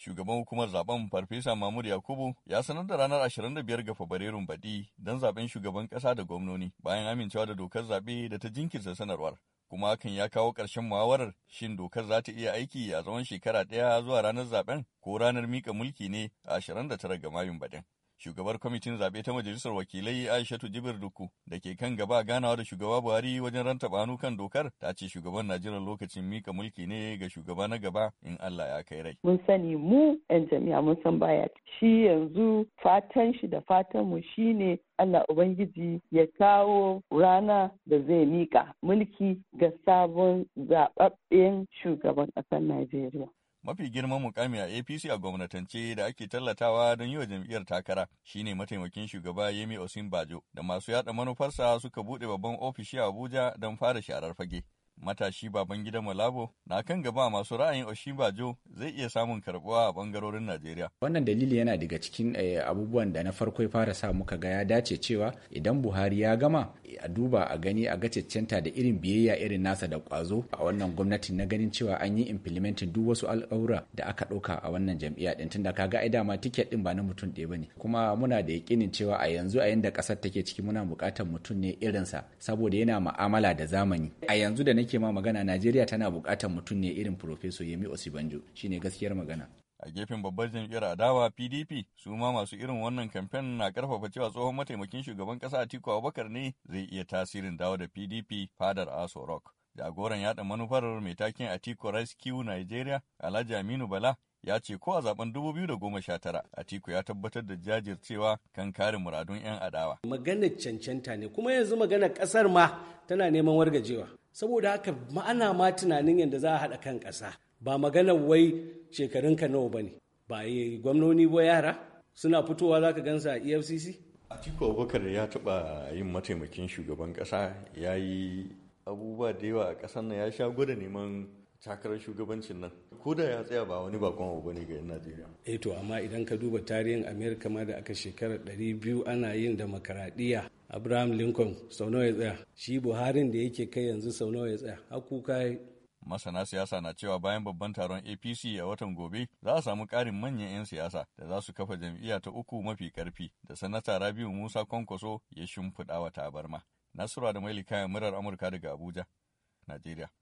shugaban hukumar zaben farfesa mamur yakubu ya sanar da ranar 25 ga fabrairun baɗi don zaben shugaban ƙasa da gwamnoni bayan amincewa da dokar zaɓe da ta jinkirta sanarwar kuma hakan ya kawo ƙarshen muhawarar shin dokar za ta iya aiki a tsawon shekara ɗaya zuwa ranar zaben ko ranar mika mulki ne a 29 ga mayun baɗin shugabar kwamitin zaɓe ta majalisar wakilai aishatu jibir duku da ke kan gaba ganawa da shugaba buhari wajen ranta banu kan dokar ta ce shugaban na lokacin mika mulki ne ga shugaba na gaba in allah ya kai rai mun sani mu yan jami'a mun san baya shi yanzu fatan shi da fatan mu shine allah ubangiji ya kawo rana da zai mika mulki ga sabon zaɓaɓɓen shugaban ƙasar najeriya mafi girman mukami a apc a gwamnatance da ake tallatawa don yi wa jam'iyyar takara shine mataimakin shugaba yemi osinbajo da masu yada manufarsa suka bude babban ofishi a abuja don fara sharar fage matashi baban Babangida Malabo na kan gaba masu ra'ayin Oshibajo zai iya samun karbuwa a bangarorin Najeriya. Wannan dalili yana daga cikin eh, abubuwan da na farko fara sa muka ga ya dace cewa idan Buhari ya gama a duba a gani a gacaccenta da irin biyayya irin nasa da kwazo a wannan gwamnatin na ganin cewa an yi implementing duk wasu al'aura da aka ɗauka a wannan jam'iyya ɗin tunda kaga ai dama tiket ɗin ba na mutum ɗaya bane kuma muna da yakinin cewa a yanzu a yanda ƙasar take ciki muna buƙatar mutum ne irinsa saboda yana ma'amala da zamani a yanzu da nake nake ma magana najeriya tana buƙatar mutum ne irin Profeso yemi osibanjo shine gaskiyar magana a gefen babbar jam'iyyar adawa pdp su ma masu irin wannan kamfen na karfafa cewa tsohon mataimakin shugaban kasa atiku abubakar ne zai iya tasirin dawo da pdp fadar aso rock jagoran yaɗa manufar mai taken atiku rescue nigeria alhaji aminu bala ya ce ko a zaben 2019 Atiku ya tabbatar da jajircewa kan kare muradun 'yan adawa. Maganar cancanta ne kuma yanzu maganar ƙasar ma tana neman wargajewa. saboda haka ma'ana ma tunanin yadda za a haɗa kan ƙasa ba maganar wai shekarunka nawa ba ne ba gwamnoni ba yara suna fitowa za ka gansa a efcc atiku abubakar ya taɓa yin mataimakin shugaban ƙasa ya yi abubuwa da yawa a ƙasar nan ya sha gwada neman takarar shugabancin nan ko da ya tsaya ba wani bakon abu ne ga 'yan najeriya eh to amma idan ka duba tarihin amerika ma da aka shekarar biyu ana yin demokaradiyya abraham lincoln sau nawa ya tsaya shi buharin da yake kai yanzu sau nawa ya tsaya Haku kai masana siyasa na cewa bayan babban taron apc a watan gobe za a samu ƙarin manyan 'yan siyasa da za su kafa jam'iyya ta uku mafi karfi da sanata rabiu musa kwankwaso ya shimfiɗa wa tabarma nasura da mailika murar amurka daga abuja najeriya